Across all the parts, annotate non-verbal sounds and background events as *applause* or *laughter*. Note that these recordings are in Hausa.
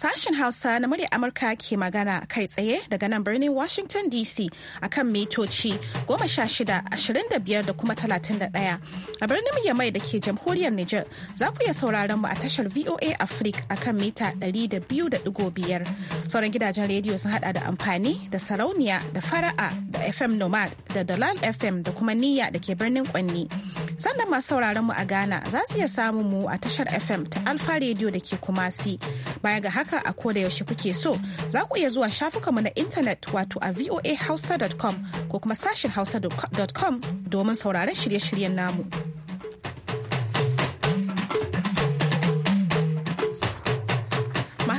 Sashen Hausa na murya Amurka ke magana kai tsaye daga nan birnin Washington DC akan mitoci 16-25 da kuma 31. A birnin Yamai da ke jamhuriyar Nijar za ku iya sauraron mu a tashar VOA Africa akan mita 200.5. Sauran gidajen rediyo sun hada da amfani da sarauniya da fara'a da FM Nomad da Dalal FM da kuma Niyya da ke birnin Kwanni. Sannan masu sauraron mu a Ghana za su iya samun mu a tashar FM ta Alfa Radio da ke Kumasi. Baya ga haka haka a koda yaushe kuke so za ku iya zuwa shafukanmu na intanet wato a voahausa.com ko kuma sashin hausa.com domin sauraron shirye-shiryen namu.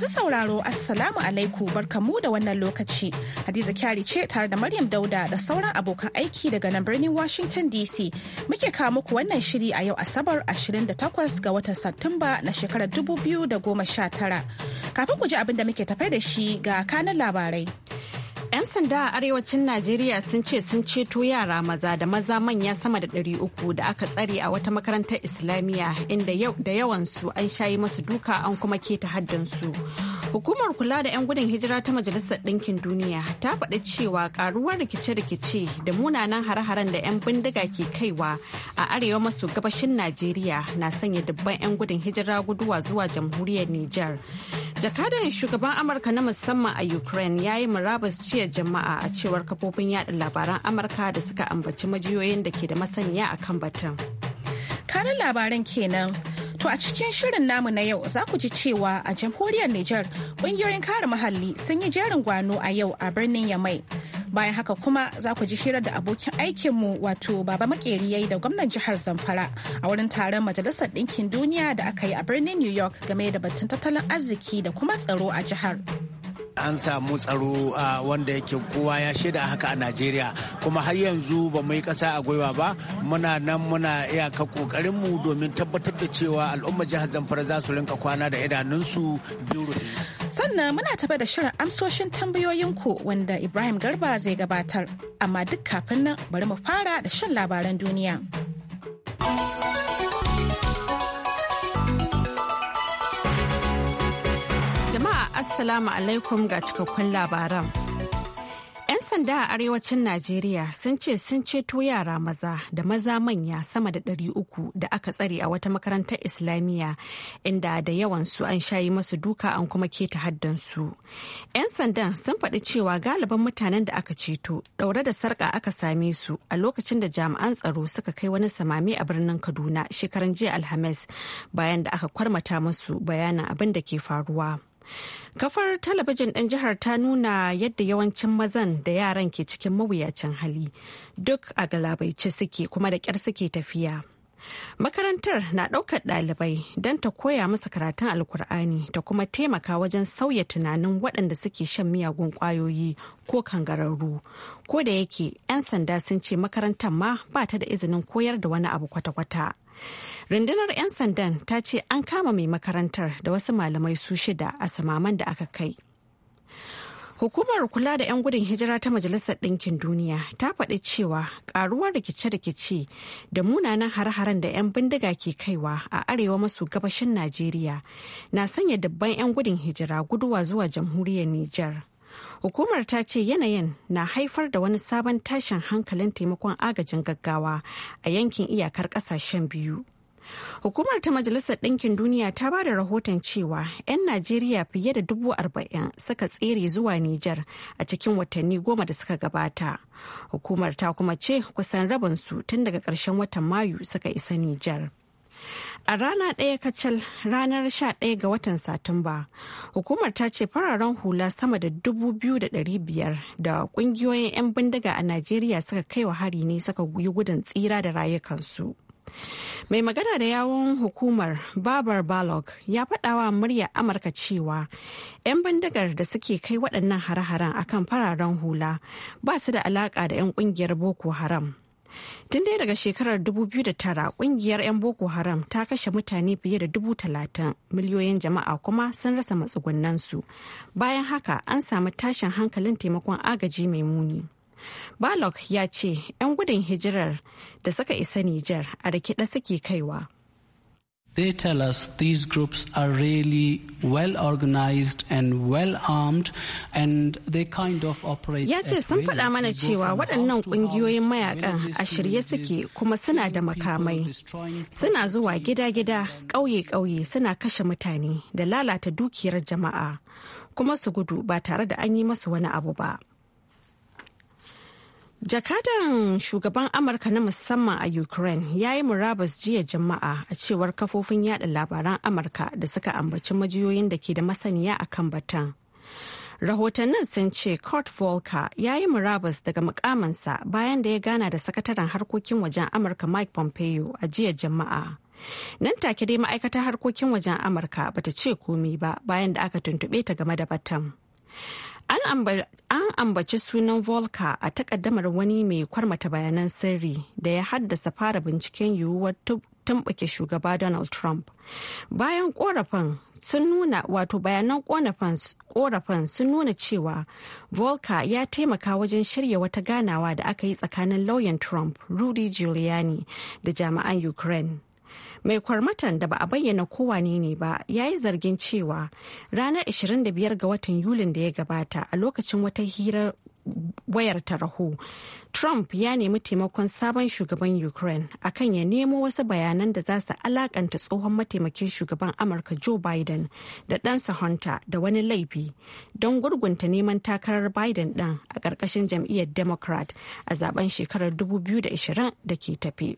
Masu sauraro Assalamu alaikum barkamu da wannan lokaci. Hadiza Kyari ce tare da Maryam Dauda da sauran abokan aiki daga nan birnin Washington DC. Muke kawo muku wannan shiri a yau Asabar 28 ga watan Satumba na shekarar 2019. Kafin ku ji abin da muke tafai da shi ga kanan labarai. 'Yan sanda a arewacin Najeriya sun ce sun ceto yara maza da maza manya sama da ɗari uku da aka tsare a wata makarantar Islamiyya inda yau da yawansu an shayi masu duka an kuma keta haddansu. Hukumar kula da 'yan gudun hijira ta Majalisar Ɗinkin Duniya ta faɗi cewa ƙaruwar rikice-rikice da munanan hare-haren da 'yan bindiga ke kaiwa a arewa maso gabashin Najeriya na sanya dubban 'yan gudun hijira guduwa zuwa jamhuriyar Nijar. Jakadan shugaban Amurka na musamman a Ukraine ya yi murabus jiya jama'a a cewar kafofin yaɗa labaran Amurka da suka ambaci majiyoyin da ke da masaniya a kan batun. Kanin labaran kenan. To a cikin shirin namu na yau za ku ji cewa a jamhuriyar Nijar ƙungiyoyin kare muhalli sun yi jerin gwano a yau a birnin Yamai. Bayan haka kuma za ku ji hirar da abokin aikinmu wato Baba Makeri yi da gwamnan jihar Zamfara a wurin taron Majalisar Ɗinkin Duniya da aka yi a birnin New York game da batun tattalin arziki da kuma tsaro a jihar. an samu tsaro wanda yake kowa ya shaida haka a najeriya kuma har yanzu ba mu yi ƙasa a gwiwa ba muna nan muna iyaka mu domin tabbatar da cewa al'ummar jihar zamfara za su rinka kwana da idanunsu biyu sannan muna taba da shirin amsoshin tambayoyinku wanda ibrahim garba zai gabatar amma duk kafin nan bari mu fara da shan labaran duniya Assalamu alaikum ga cikakkun labaran. 'Yan sanda a arewacin Najeriya sun ce sun ceto yara maza da maza manya sama da ɗari uku da aka tsare a wata makarantar Islamiyya inda da yawansu an shayi masu duka an kuma keta haddansu. 'Yan sandan sun faɗi cewa galiban mutanen da aka ceto ɗaure da sarƙa aka same su a lokacin da jami'an tsaro suka kai wani samami a birnin Kaduna shekaran jiya Alhamis bayan da aka kwarmata masu bayanin abin da ke faruwa. Kafar talabijin ɗin jihar ta nuna yadda yawancin mazan da yaran ke cikin mawuyacin hali duk a galabaice suke kuma da ƙyar suke tafiya. Makarantar na ɗaukar ɗalibai don ta koya musu karatun alkur'ani ta kuma taimaka wajen sauya tunanin waɗanda suke shan miyagun ƙwayoyi ko kangararru. Ko da yake 'yan sanda sun ce makarantar ma ba ta da izinin koyar da wani abu kwata-kwata. rundunar 'yan sandan ta ce an kama mai makarantar da wasu malamai su shida a samaman da aka kai Hukumar kula da 'yan gudun hijira ta Majalisar Ɗinkin Duniya ta faɗi cewa ƙaruwar rikice-rikice da munanan har-haren da 'yan bindiga ke kaiwa a arewa maso gabashin Najeriya na sanya dabban 'yan gudun hijira guduwa zuwa jamhuriyar Nijar. Hukumar ta ce yanayin na haifar da wani sabon tashin hankalin taimakon agajin gaggawa a yankin iyakar kasashen biyu. Hukumar ta Majalisar Ɗinkin Duniya ta ba da rahoton cewa 'yan Najeriya fiye da dubu arba'in suka tsere zuwa Nijar a cikin watanni goma da suka gabata. Hukumar ta kuma ce kusan rabinsu tun daga ƙarshen watan Mayu suka isa Nijar. A rana ɗaya kacal ranar 11 ga watan Satumba, hukumar ta ce fararen hula sama da 2,500 da ƙungiyoyin 'yan bindiga a Najeriya suka kai wa hari ne suka yi gudun tsira da rayukansu. Mai magana da yawon hukumar Babar Balog ya faɗawa murya Amurka cewa 'yan bindigar da suke kai waɗannan hare-haren akan fararen hula ba su da alaƙa da 'yan ƙungiyar Boko Haram. Tun dai daga shekarar 2009 kungiyar 'yan Boko Haram ta kashe mutane fiye da dubu talatin miliyoyin jama'a kuma sun rasa matsugunansu. Bayan haka an samu tashin hankalin taimakon agaji mai muni. Balok ya ce 'yan gudun hijirar da suka isa Nijar a rikida suke kaiwa. They tell us these groups are really well organized and well armed and they kind of operate. Ya ce sun faɗa mana cewa waɗannan ƙungiyoyin mayakan a shirye suke kuma suna da makamai. Suna zuwa gida-gida, ƙauye-ƙauye suna kashe mutane da lalata dukiyar jama'a kuma su gudu ba tare da an yi masu wani abu ba. Jakadan shugaban Amurka na musamman a Ukraine ya yi murabas jiya jama'a a cewar kafofin yada labaran Amurka da suka ambaci majiyoyin da ke da masaniya a kan batan. Rahotannin sun ce Kurt Volker ya yi murabas daga mukamansa bayan da ya gana da sakataren harkokin wajen Amurka Mike Pompeo a jiya jama'a. Nan take dai ma'aikatar harkokin wajen Amurka bata ce komi ba bayan da aka tuntube ta game da batan. An ambaci sunan Volka a takaddamar wani mai kwarmata bayanan sirri da ya haddasa fara binciken yiwuwar tumbuke shugaba Donald Trump. Bayan korafin sun nuna wato bayanan korafin sun nuna cewa Volka ya taimaka wajen shirya wata ganawa da aka yi tsakanin lauyan Trump, Rudy Giuliani, da jami'an Ukraine. mai kwarmatan da ba a bayyana kowane ne ba ya yi zargin cewa ranar 25 ga watan yulin da ya gabata a lokacin wata hira wayar ta raho trump ya nemi taimakon sabon shugaban ukraine akan ya nemo wasu bayanan da za su alakanta tsohon mataimakin shugaban amurka joe biden da ɗansa hunter da wani laifi don gurgunta neman takarar biden ɗin a ƙarƙashin jam'iyyar democrat a zaben shekarar 2020 da ke tafe.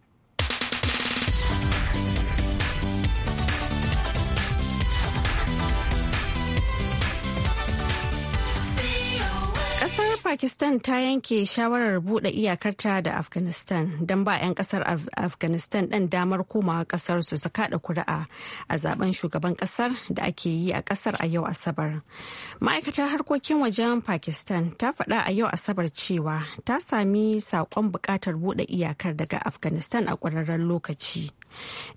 Pakistan ta yanke shawarar buɗe iyakarta da Afghanistan don ba 'yan ƙasar Afghanistan ɗan damar komawa ƙasar su su kaɗa kuri'a a zaben shugaban ƙasar da ake yi a ƙasar a yau Asabar. Ma'aikatar harkokin wajen Pakistan ta faɗa a yau Asabar cewa ta sami saƙon buƙatar buɗe iyakar daga Afghanistan a ƙwararren lokaci.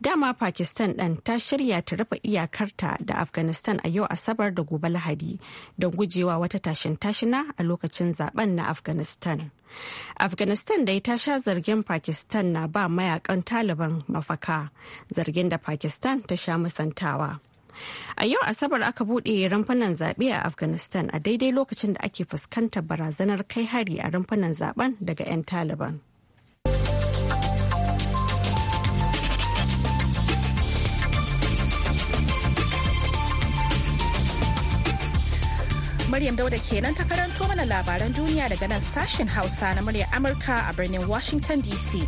Dama Pakistan ɗin ta shirya ta rufe iyakarta da Afghanistan a yau Asabar da gobe Lahadi don gujewa wata tashin tashina a lokacin zaben na Afghanistan. Afghanistan dai ta sha zargin Pakistan na ba mayakan Taliban mafaka, zargin da Pakistan ta sha musantawa. A yau Asabar aka buɗe rumfunan zaɓe a Afghanistan a daidai lokacin da ake fuskantar barazanar kai hari a rumfunan zaben daga 'yan Taliban. Maryam Dauda kenan ta karanto mana labaran duniya daga nan sashen Hausa na muryar Amurka a birnin Washington DC.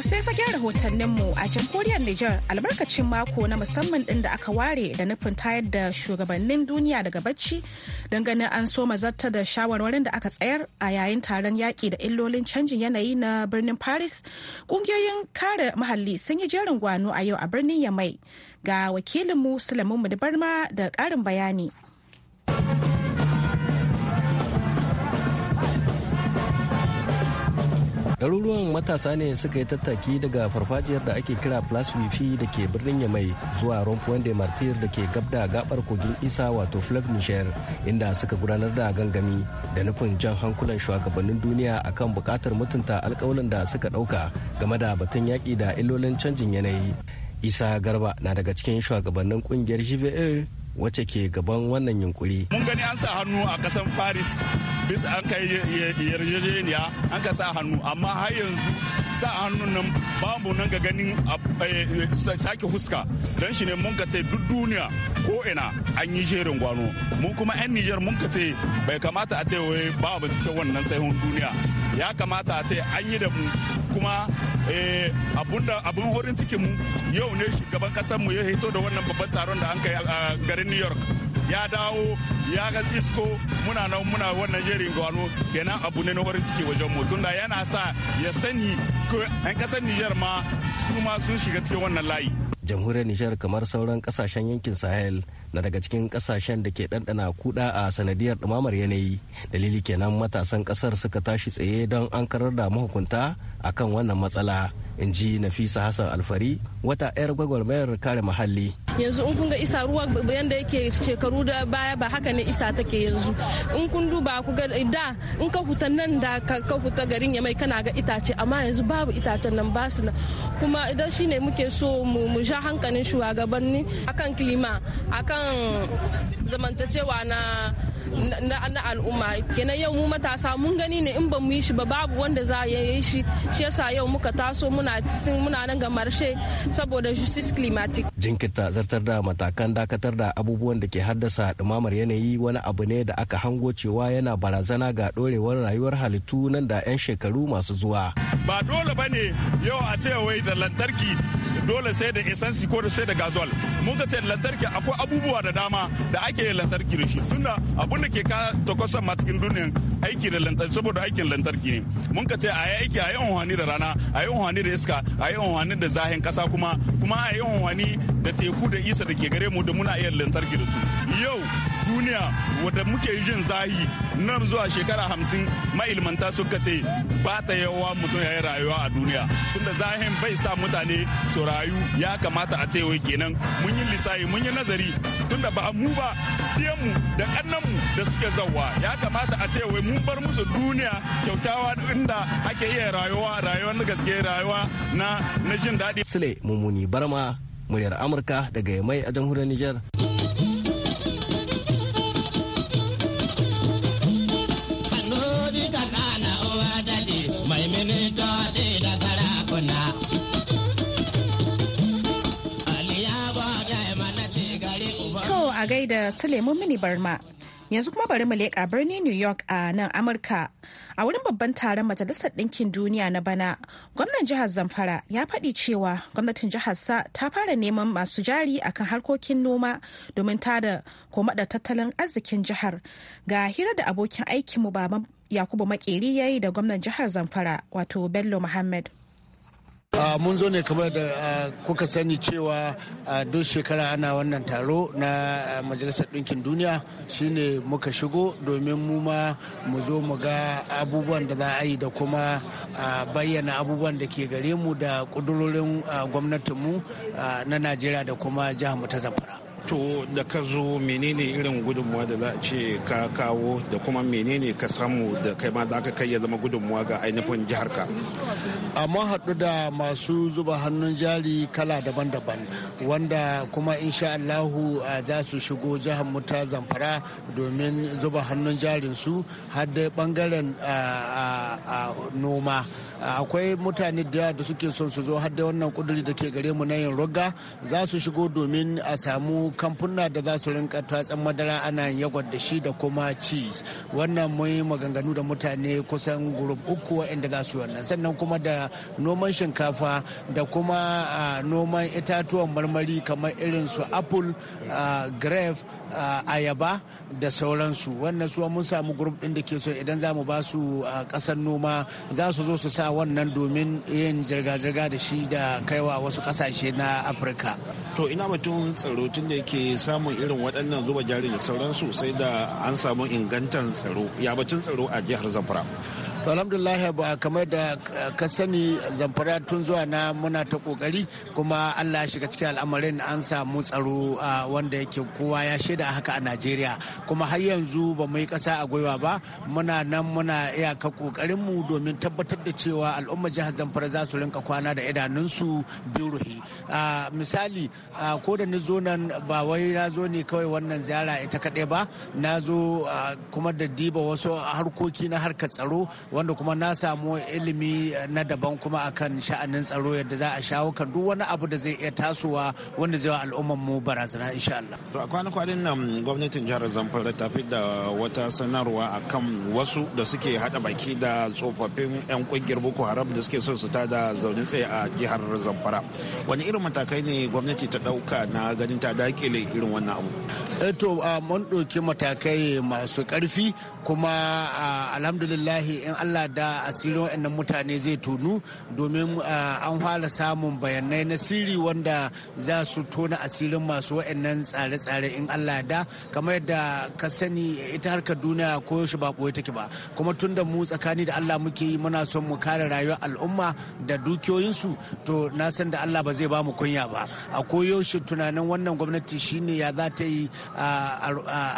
To sai fagen rahotanninmu a jamhuriyar Nijar albarkacin mako na musamman ɗin da aka ware da nufin tayar da shugabannin duniya daga bacci don ganin an so mazarta da shawarwarin da aka tsayar a yayin taron yaƙi da illolin canjin yanayi na birnin Paris. Ƙungiyoyin kare muhalli sun yi jerin gwano a yau a birnin Yamai ga wakilinmu Sulaiman mudubarma da ƙarin bayani. Ɗaruruwan matasa ne suka yi tattaki daga farfajiyar da ake kira plaswifi da ke birnin Yamai zuwa Rompuan de Martir da ke gab da gabar kogin Isa wato Flag Niger inda suka gudanar da gangami da nufin jan hankulan shugabannin duniya akan bukatar mutunta alkawalin da suka ɗauka game da batun yaƙi da illolin canjin yanayi. Isa Garba na daga cikin shugabannin kungiyar GVA wacce ke gaban wannan yunkuri. Mun gani an sa hannu a kasan Paris bis an kai yarjejeniya an ka sa hannu amma har yanzu sa hannun nan babu nan ga ganin eh, sake huska don shi ne mun ka ce duk duniya ko ina an yi jerin gwano mun kuma 'yan Nijar mun ka ce bai kamata a ce wai babu cikin wannan sahihun duniya ya kamata a ce an yi da mu kuma eh, abin horin cikin mu yau ne shugaban kasar mu ya hito da wannan babban taron da an kai a garin new york ya dawo ya ga isko muna nan muna wannan jerin gwano kenan abu ne na horin ciki wajen mu tunda yana sa ya sani an kasar niger ma su ma sun shiga cikin wannan layi jamhuriyar niger kamar sauran kasashen yankin sahel na daga cikin kasashen da ke ɗanɗana kuɗa a sanadiyar dumamar yanayi dalili kenan matasan ƙasar suka tashi tsaye don an karar da mahukunta akan wannan matsala in ji nafisa hassan alfari wata 'yar gwagwarmayar kare muhalli yanzu in kun ga isa ruwa yadda yake shekaru da baya ba haka ne isa take yanzu in kun duba ku ga da in ka huta nan da ka huta garin ya mai kana ga itace amma yanzu babu itacen nan ba su kuma idan shine muke so mu sha hankalin shugabanni akan kilima akan zamantacewa na na al'umma kenan yau mu matasa mun gani ne in ba mu yi shi ba babu wanda za ya yi shi shi yasa yau muka taso muna cikin muna nan ga marshe saboda justice climatic jinkirta zartar da matakan dakatar da abubuwan da ke haddasa dumamar yanayi wani abu ne da aka hango cewa yana barazana ga dorewar rayuwar halittu nan da 'yan shekaru masu zuwa ba dole ba ne yau a ce wai da lantarki dole sai da esansi ko sai da gasol mun ka lantarki akwai abubuwa da dama da ake lantarki da tunda abu abin da ke ka takwasan ma cikin duniyan aiki da lantarki saboda aikin lantarki ne mun ka ce a yi aiki a yi unhwani da rana a yi unhwani da iska a yi unhwani da zahin kasa kuma kuma a yi unhwani da teku da isa da ke gare mu da muna iya lantarki da su yau duniya wadda muke jin zahi nan zuwa shekara hamsin ma'ilmanta suka ce ba ta yawa mutum ya yi rayuwa a duniya tunda zahin bai sa mutane su rayu ya kamata a ce wai kenan mun yi lissayi mun yi nazari tunda ba mu ba mu da mu da suke zauwa ya kamata a ce wai mun bar musu duniya kyautawa inda ake iya rayuwa rayuwa na gaske rayuwa na na jin daɗi. Sule Mummuni Barma muryar Amurka daga mai a jamhuriyar Nijar. da Suleiman Mini Barma. Yanzu kuma bari mu leƙa birnin New York a nan Amurka. A wurin babban taron Majalisar Ɗinkin Duniya na bana, gwamnan jihar Zamfara ya faɗi cewa gwamnatin jiharsa ta fara neman masu jari akan harkokin noma domin tada da tattalin arzikin jihar. Ga hira da abokin aikinmu Baba Yakubu Makeri ya yi da gwamnan jihar Zamfara wato Bello Muhammad. mun zo ne kamar da kuka sani cewa duk shekara ana wannan taro na majalisar ɗinkin duniya shine muka shigo domin mu ma mu zo mu ga abubuwan da za a yi da kuma bayyana abubuwan da ke gare mu da ƙudurorin gwamnatinmu na najeriya da kuma jihar mu ta zamfara To da ka zo menene irin gudunmuwa da za a ce ka kawo da kuma menene ka samu da kai ma za ka kai ya zama gudunmuwa ga ainihin jiharka? Amma haɗu da masu zuba hannun jari kala daban-daban wanda kuma insha Allahu za su shigo jihar muta zamfara domin zuba hannun jarin su har bangaren noma. akwai mutane da da suke son su zo har wannan kuduri da ke gare mu na yin roga za su shigo domin a samu kamfuna da za su rinka tatsan madara ana yagwar da shi da kuma cheese wannan mun maganganu da mutane kusan gurup uku inda za su wannan sannan kuma da noman shinkafa da kuma noman itatuwan marmari kamar irin su apple grape ayaba da sauransu wannan su mun samu gurup ɗin da ke so idan za mu ba su ƙasar noma za su zo su sa wannan domin yin zirga-zirga da shi da kaiwa wasu ƙasashe na afirka to ina mutum tsaro tun da yake samun irin waɗannan zuba jari da sauransu sai da an samu ingantan tsaro yabacin tsaro a jihar zamfara to alhamdulillah ba kamar da ka sani zamfara tun zuwa na muna ta kokari kuma allah shiga cikin al'amarin an samu tsaro wanda yake kowa ya shaida haka a najeriya kuma har yanzu ba mu yi kasa a gwiwa ba muna nan muna iyaka kokarin mu domin tabbatar da cewa al'umma jihar zamfara za su rinka kwana da idanunsu biyu ruhi misali ko da ni zo nan ba wai na zo ne kawai wannan ziyara ita kaɗai ba na zo kuma da diba wasu harkoki na harkar tsaro wanda kuma na samu ilimi eh, na daban kuma akan sha'anin tsaro yadda za a shawo kan duk wani abu da zai iya tasowa wanda zai wa al'ummar mu barazana insha Allah. To a kwanan kwanan nan gwamnatin jihar Zamfara ta da wata sanarwa akan wasu da suke hada baki da tsofaffin 'yan kungiyar Boko Haram da suke son su ta da zaune tsaye a jihar Zamfara. Wani irin matakai ne gwamnati ta dauka na ganin ta dakile irin wannan abu? Eh, to mun ɗauki matakai masu karfi. kuma alhamdulillahi in allah da asirin wa'annan mutane zai tonu domin an fara samun bayanai na sirri wanda za su tona asirin masu wa'annan tsare-tsare in allah da kamar yadda ka sani ita harkar duniya ko shi ba ɓoye take ba kuma tun da mu tsakani da allah muke yi muna son mu kare rayuwar al'umma da dukiyoyinsu to na san da allah ba zai ba mu kunya ba a koyaushe tunanin wannan gwamnati shine ya za ta yi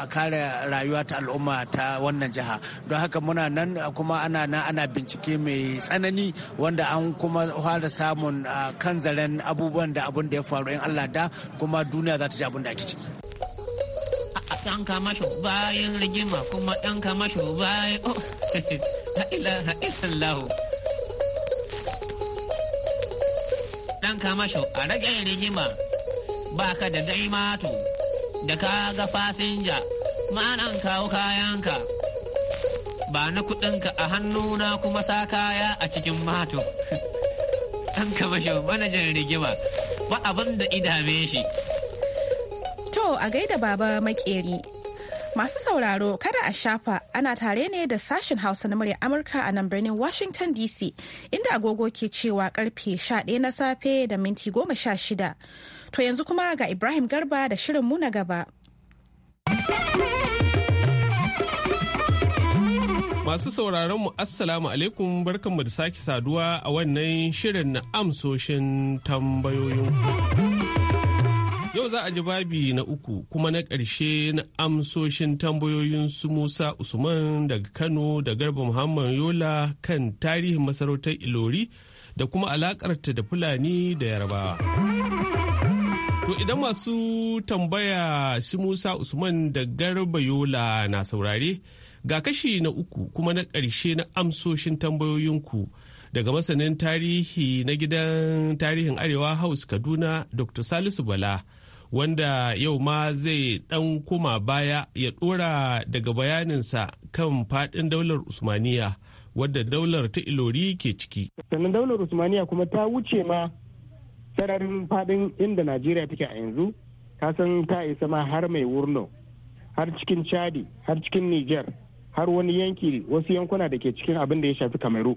a kare rayuwa ta al'umma ta wannan jiha don haka muna nan kuma ana nan ana bincike mai tsanani wanda an kuma fara samun kan zaren abubuwan da abun da ya faru in Allah da kuma duniya za ta ji abun da ake ciki. Ɗan kama bayan rigima kuma ɗan kama bayan oh, ha'ilaha *laughs* illallahu. Ɗan kama a rage rigima ba ka da gaimatu da ka ga fasinja, nan kawo kayanka. ba na kuɗinka a hannuna kuma sa kaya a cikin mato ɗan *laughs* kamashin manajan rigima ba abin da idame shi to a gaida baba makeri masu sauraro kada a shafa ana tare ne da sashen hausa na murya amurka a nan birnin washington dc inda agogo ke cewa karfe 11 na safe da minti 16 to yanzu kuma ga ibrahim garba da shirin mu na gaba Masu sauraron mu Assalamu alaikum barkanmu da sake saduwa a wannan shirin na amsoshin tambayoyin. Yau za a ji babi na uku kuma na ƙarshe na amsoshin tambayoyin su Musa Usman daga Kano da Garba Muhammad Yola kan tarihin masarautar Ilori da kuma alakarta da Fulani da Yarbawa. To idan masu tambaya su Musa Usman da Garba Yola na saurare. Ga kashi na uku kuma na ƙarshe na amsoshin tambayoyinku daga masanin tarihi na gidan tarihin Arewa House Kaduna Dr. Salisu Bala. wanda yau ma zai dan koma baya ya dora daga bayaninsa kan fadin daular usmaniya wadda daular ta ilori ke ciki sannan daular usmaniya kuma ta wuce ma sararin fadin inda najeriya take a yanzu kasan ta isa ma har mai wurno har cikin chadi har cikin niger har wani yanki wasu yankuna da ke cikin abin da ya shafi kamaru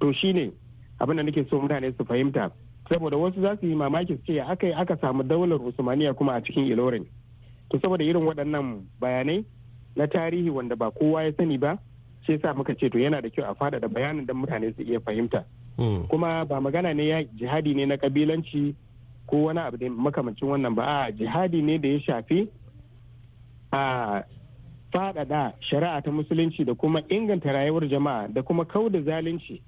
to shine abin da nake so mutane su fahimta saboda wasu za su yi mamaki su ce aka yi aka samu daular usmaniya kuma a cikin ilorin to saboda irin waɗannan bayanai na tarihi wanda ba kowa ya sani ba shi yasa muka ce to yana da kyau a faɗaɗa bayanin don mutane su iya fahimta hmm. kuma ba magana ne ya jihadi ne na kabilanci ko wani abu da makamancin wannan ba a jihadi ne da ya shafi a faɗaɗa shari'a ta musulunci da kuma inganta rayuwar jama'a da kuma kau da zalunci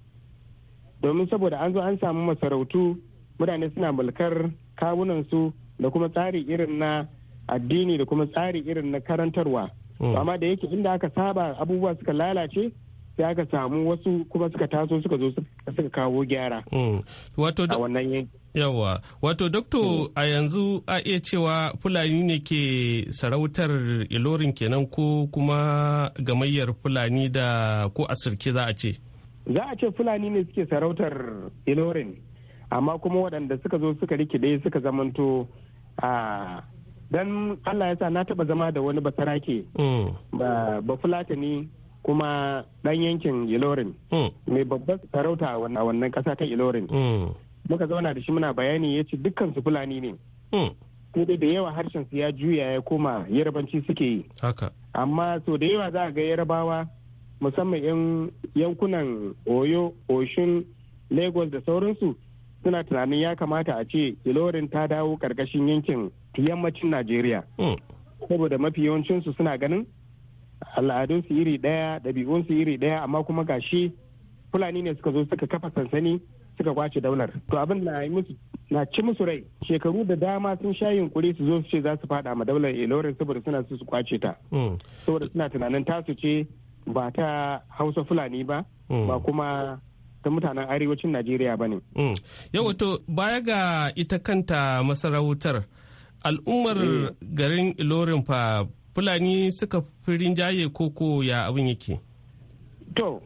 domin saboda an zo an samu masarautu mutane suna mulkar kawunansu da kuma tsari irin na addini da kuma tsari irin na karantarwa hmm. amma da yake inda aka saba abubuwa suka lalace sai aka samu wasu kuma suka taso suka zo suka kawo gyara hmm. a wannan yanki yawa wato doktor mm. a yanzu a iya cewa fulani ne ke sarautar ilorin kenan ko kuma gamayyar fulani da ko a sirke za a ce za a ce fulani ne suke sarautar ilorin amma kuma waɗanda suka zo suka rikide suka zamanto a dan allah ya sa na taba zama da wani basarake mm. ba fulatani kuma dan yankin ilorin mm. mai babbar sarauta a wannan ƙasa ta ilorin muka zauna da shi muna bayani ya ce dukkan fulani ne hmm. sai da yawa harshen su ya juya ya koma yarabanci suke yi amma so da yawa za a ga yarabawa musamman yan yankunan oyo oshun lagos da sauransu suna tunanin ya kamata a ce ilorin ta dawo karkashin yankin yammacin najeriya hmm. saboda mafi yawancinsu suna ganin al'adunsu iri ɗaya ɗabi'unsu iri daya amma kuma gashi fulani ne suka zo suka kafa sansani suka kwace daular to abin na yi musu na ci musu rai shekaru da dama sun sha yunkuri su zo su ce za su fada ma daular ilorin saboda suna su kwace ta hmm. saboda suna tunanin tasu ce ba ta hausa fulani ba hmm. ba kuma ta mutanen arewacin najeriya ba ne hmm. yau wato baya ga ita kanta masarautar al'ummar eh. garin ilorin fa fulani suka fi rinjaye koko ya abin yake to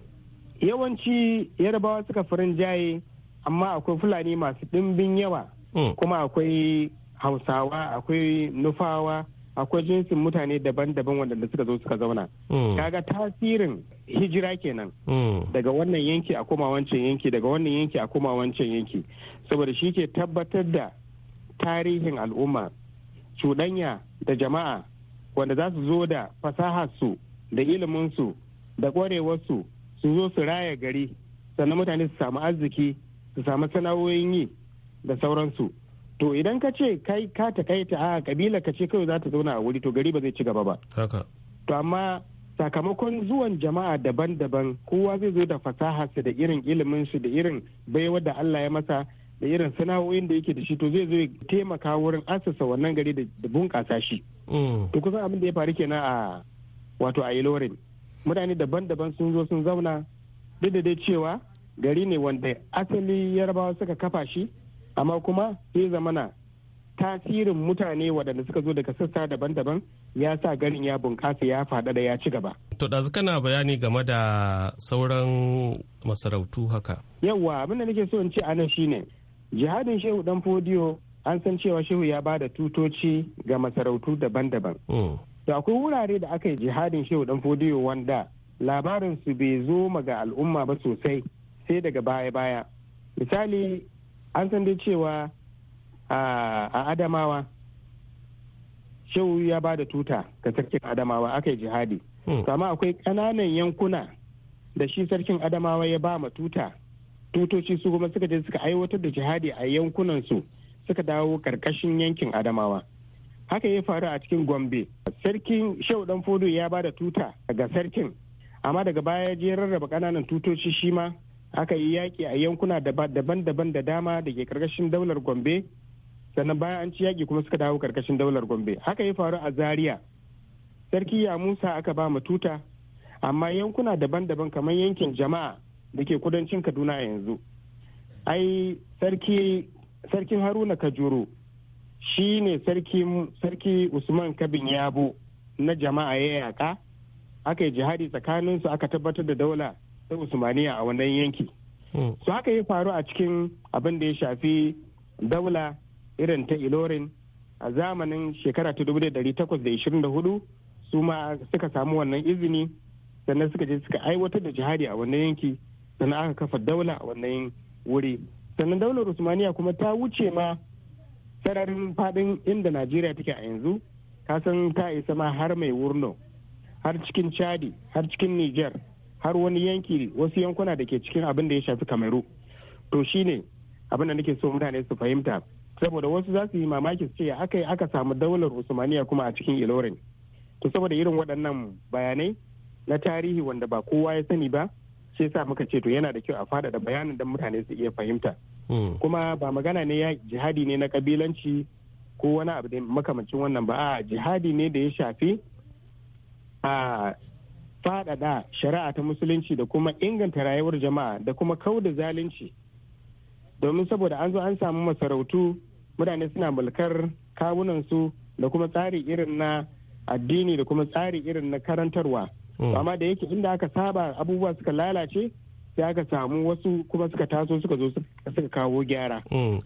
yawanci yarabawa suka fi rinjaye amma akwai fulani masu ɗimbin yawa hmm. kuma akwai hausawa akwai nufawa akwai jinsin mutane daban-daban waɗanda suka zo suka zauna hmm. kaga tasirin hijira kenan hmm. daga wannan yanki a koma wancan yanki daga wannan yanki a koma wancan yanki saboda shi ke tabbatar da tarihin al'umma cuɗanya da jama'a wanda za su zo da fasaharsu da iliminsu da ƙwarewarsu su zo su raya gari sannan mutane su samu arziki su samu sana'o'in yi da sauransu to idan ka ce kai ka ta a kabila ka ce kawai za ta zauna a wuri to gari ba zai ci gaba ba to amma sakamakon zuwan jama'a daban-daban kowa zai zo da su da irin ilimin su da irin baiwa da Allah ya masa da irin sana'o'in da yake da shi to zai zo taimaka wurin asasa wannan gari da bunƙasa shi mm. to kusan abin da ya faru kenan a wato a ilorin mutane daban-daban sun zo sun zauna duk da dai cewa gari ne wanda asali yarbawa suka kafa shi amma kuma sai zamana tasirin mutane waɗanda suka zo daga sassa daban-daban ya sa garin ya bunkasa ya faɗa da ya ci gaba. To ɗazu kana bayani game da sauran masarautu haka. Yawwa abin da nake so in ce anan shine jihadin shehu dan fodiyo an san cewa shehu ya ba da tutoci ga masarautu daban-daban. Hmm. To akwai wurare da aka yi jihadin shehu dan fodiyo wanda labarin su bai zo ga al'umma ba sosai sai daga baya-baya misali an san dai cewa a adamawa shehu ya ba da tuta ga sarkin adamawa aka yi jihadi hmm. amma akwai ƙananan yankuna da shi sarkin adamawa ya ba ma tuta tutoci su kuma suka je suka aiwatar da jihadi a yankunansu suka dawo karkashin yankin adamawa haka ya faru a cikin gombe sarkin shehu dan fodo ya ba da tuta ga sarkin amma daga baya ya je rarraba ƙananan tutoci shi ma aka yi yaƙi a yankuna daban-daban da dama da ke karkashin daular gombe sannan bayan an ci yaƙi kuma suka dawo karkashin daular gombe haka ya faru a zaria sarki ya musa aka ba mu tuta amma yankuna daban-daban kamar yankin jama'a da ke kudancin kaduna a yanzu ai sarki sarkin haruna kajuru shi ne sarki usman kabin yabo na jama'a ya yaƙa aka yi jihadi tsakaninsu aka tabbatar da daular. ta usmaniya a wannan yanki hmm. su haka ya faru a cikin abin da ya shafi daula irin ta ilorin a zamanin shekara ta 1824 su ma suka samu wannan izini sannan suka je suka aiwatar da jihadi a wannan yanki sannan aka kafa daula a wannan wuri sannan daular usmaniya kuma ta wuce ma sararin fadin inda najeriya take a yanzu kasan ta isa ma har mai wurno har cikin chadi har cikin niger har wani yanki wasu yankuna da ke cikin abin da ya shafi kamaru to shine abin da nake so mutane su fahimta saboda wasu za su yi mamaki su ce aka yi aka samu daular usmaniya kuma a cikin ilorin to saboda irin waɗannan bayanai na tarihi wanda ba kowa ya sani ba sai sa muka ce to yana da kyau a faɗaɗa bayanin don mutane su iya fahimta hmm. kuma ba magana ne ya jihadi ne na kabilanci ko wani abu da makamancin wannan ba a jihadi ne da ya shafi ah, faɗaɗa shari'a ta musulunci da kuma inganta rayuwar jama'a da kuma kau da zalunci domin saboda an zo an samu masarautu mutane suna mulkar kawunansu da kuma tsari irin na addini da kuma tsari irin na karantarwa hmm. amma da yake inda aka saba abubuwa suka lalace sai aka samu wasu kuma suka taso suka zo suka kawo gyara hmm.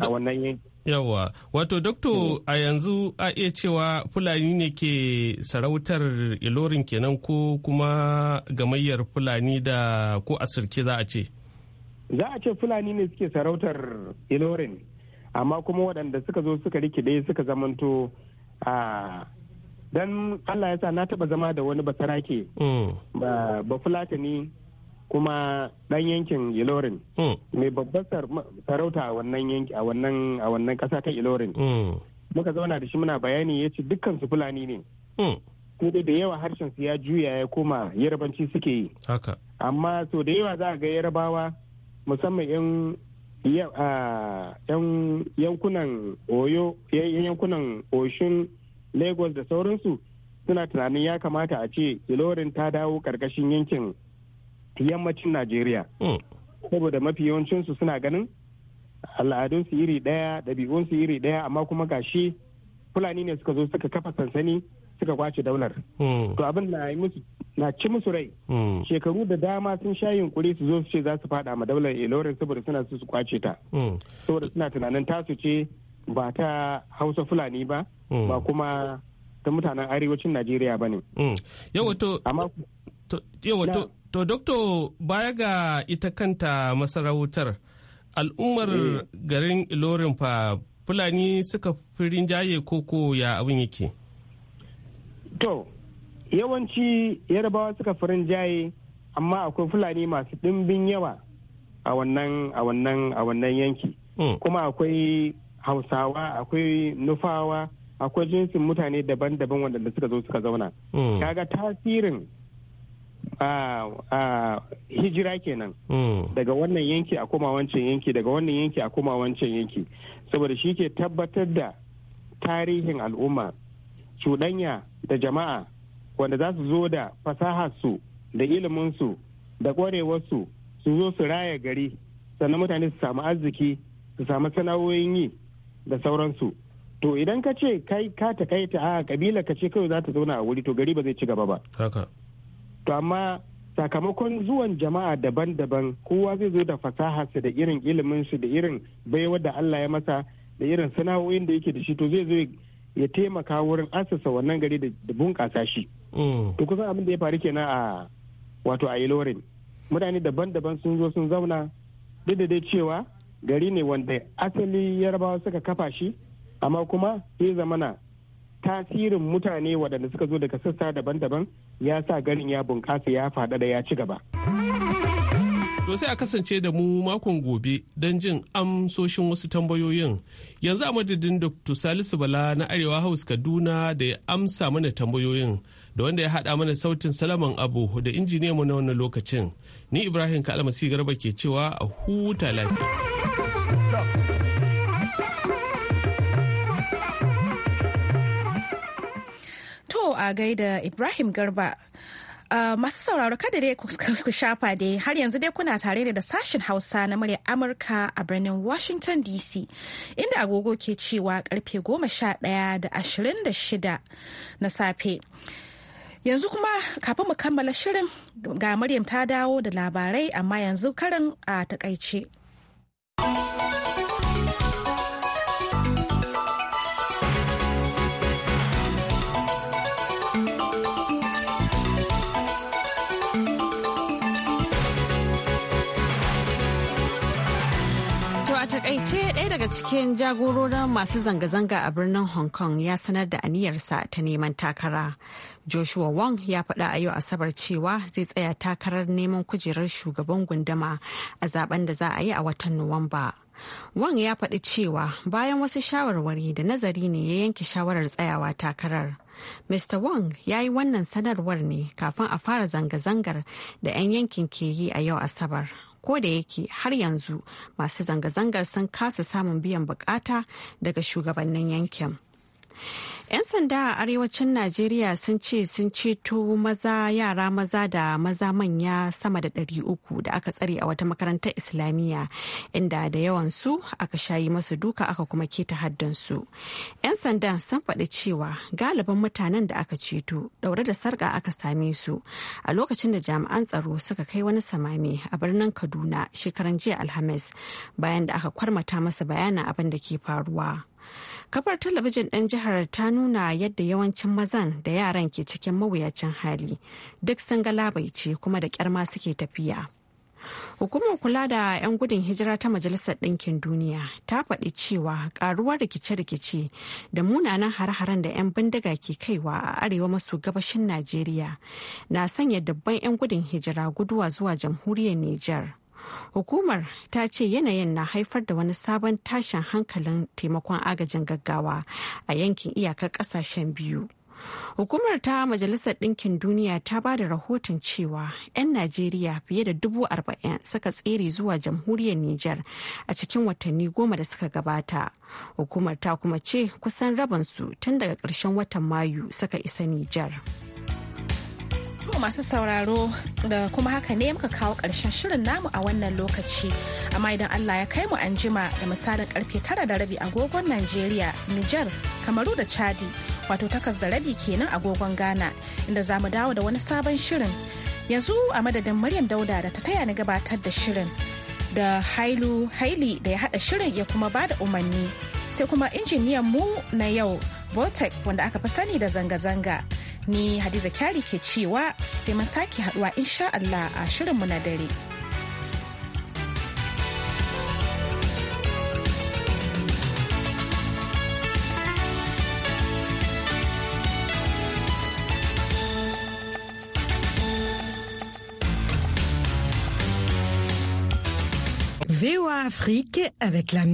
a wannan yanki Yawa, wato dokto mm. a yanzu a iya cewa Fulani ne ke sarautar ilorin kenan ko kuma gamayyar Fulani da ko a sirke za a ce? Za a ce Fulani ne suke sarautar ilorin, amma kuma waɗanda suka zo suka rikide suka zamanto a dan Allah ya sa na taɓa zama da wani basarake mm. ba Fulatani. kuma ɗan yankin ilorin hmm. mai babbar sarauta a wannan yanki a wannan a wannan kasa ta ilorin hmm. muka zauna da shi muna bayani ya ce dukkan su fulani ne ko hmm. da yawa harshen su ya juya ya koma yarabanci suke yi amma so da yawa za a ga yarabawa musamman yan yankunan oyo yankunan oshun lagos da sauransu suna tunanin ya kamata a ce ilorin ta dawo karkashin yankin yammacin najeriya hmm. saboda mafi yawancinsu suna ganin al'adunsu iri ɗaya ɗabi'unsu iri ɗaya amma kuma gashi fulani ne suka zo suka kafa sansani suka kwace daular hmm. to abin na musu na ci musu rai hmm. shekaru da dama sun sha yunkuri su zo su ce za su fada ma daular ilorin saboda suna su su kwace ta saboda suna tunanin tasu ce ba ta hausa fulani ba ba kuma ta mutanen arewacin najeriya ba ne Yau wato. To, doktor baya ga ita kanta masarautar al'ummar eh. garin ilorin fa fulani suka fi rinjaye koko ya abin yake? To, yawanci yarbawa suka fi rinjaye amma akwai fulani masu ɗimbin yawa a wannan a wannan a wannan yanki. Hmm. Kuma akwai hausawa, akwai nufawa, akwai jinsin mutane daban-daban waɗanda suka zo suka zauna. Hmm. Kaga tasirin hijira kenan hmm. daga wannan yanki a koma wancan yanki daga wannan yanki a koma wancan yanki saboda shi ke tabbatar da tarihin al'umma cuɗanya da jama'a wanda za su zo da fasaharsu da iliminsu da ƙwarewarsu su zo su raya gari sannan mutane su samu arziki su samu sana'o'in yi da sauransu to idan ka ce kai ka ta takaita a kabila ka ce kawai za ta zauna a wuri to gari ba zai ci gaba ba to amma sakamakon zuwan jama'a daban-daban kowa zai zo da fasaharsa da irin iliminsu da irin baiwa da Allah ya masa da irin sana'o'in da yake da shi to zai zo ya taimaka wurin asasa wannan gari da bunƙasa shi. Mm. To kusan abin da ya faru kenan a wato a Ilorin. Mutane daban-daban sun zo sun zauna duk da dai cewa gari ne wanda asali yarabawa suka kafa shi amma kuma sai zamana tasirin mutane waɗanda suka zo daga sassa daban-daban ya sa ganin ya bunƙasa ya faɗa da ya ci gaba. To sai a kasance da mu makon gobe don jin amsoshin wasu tambayoyin. Yanzu a madadin Dr. Salisu Bala na Arewa House Kaduna da ya amsa mana tambayoyin da wanda ya haɗa mana sautin Salaman Abu da mu na wannan lokacin. Ni Ibrahim Kalmasi Garba ke cewa a huta lafiya. a gaida Ibrahim Garba. Uh, masu sauraro kada dai ku *laughs* shafa dai har yanzu dai kuna tare da sashen hausa na murya amurka a birnin washington dc inda agogo ke cewa karfe goma sha ɗaya da ashirin da shida na safe yanzu kuma kafin mu kammala shirin ga maryam ta dawo da labarai amma yanzu karin a takaice takaice ɗaya daga cikin jagororin masu zanga-zanga a birnin hong kong ya sanar da aniyarsa ta neman takara joshua wong ya faɗa a yau asabar cewa zai tsaya takarar neman kujerar shugaban gunduma a zaben da za a yi a watan nuwamba wong ya faɗi cewa bayan wasu shawarwari da nazari ne ya yanke shawarar tsayawa takarar Mr. Wong ya yi wannan sanarwar ne kafin a fara zanga-zangar da 'yan yankin ke yi a yau Asabar. ko da yake har yanzu masu zanga-zangar sun kasa samun biyan bukata daga shugabannin yankin. 'Yan sanda a arewacin Najeriya sun ce sun ceto maza yara maza da maza manya sama da ɗari uku da aka tsare a wata makarantar Islamiyya inda da yawansu aka shayi masu duka aka kuma keta haddansu. 'Yan sandan sun faɗi cewa galibin mutanen da aka ceto ɗaure da sarƙa aka same su a lokacin da jami'an tsaro suka kai wani samami a birnin Kaduna shekaran jiya Alhamis bayan da aka kwarmata masa bayanin abin da ke faruwa. kafar talabijin ɗin jihar ta nuna yadda yawancin mazan da yaran ke cikin mawuyacin hali duk sun ce kuma da kyarma suke tafiya hukumar kula da 'yan gudun hijira ta majalisar ɗinkin duniya ta faɗi cewa ƙaruwar rikice-rikice da munanan har-haren da 'yan bindiga ke kaiwa a arewa maso gabashin najeriya na sanya dabban 'yan gudun hijira guduwa zuwa jamhuriyar Nijar. Hukumar ta ce yanayin na haifar da wani sabon tashin hankalin taimakon agajin gaggawa a yankin iyakar kasashen biyu. Hukumar ta Majalisar Ɗinkin Duniya ta ba da rahoton cewa 'yan Najeriya fiye da dubu arba'in suka tsere zuwa jamhuriyar Nijar a cikin watanni goma da suka gabata. Hukumar ta kuma ce kusan rabansu tun daga ƙarshen watan Mayu suka isa Nijar. ku masu sauraro da kuma haka ne muka kawo ƙarshen shirin namu a wannan lokaci. Amma idan Allah ya kai mu anjima da misalin karfe tara da rabi agogon Najeriya, Nijar, Kamaru da Chadi, wato takas da rabi kenan agogon Ghana, inda za mu dawo da wani sabon shirin. Yanzu a madadin Maryam Dauda da ta taya ni gabatar da shirin da Hailu Haili da ya haɗa shirin ya kuma ba da umarni. Sai kuma injiniyan mu na yau, Voltec wanda aka fi sani da zanga-zanga. Ni Hadiza Kyari ke cewa sai mun sake haduwa insha Allah a shirinmu na dare. VOA Afrique avec la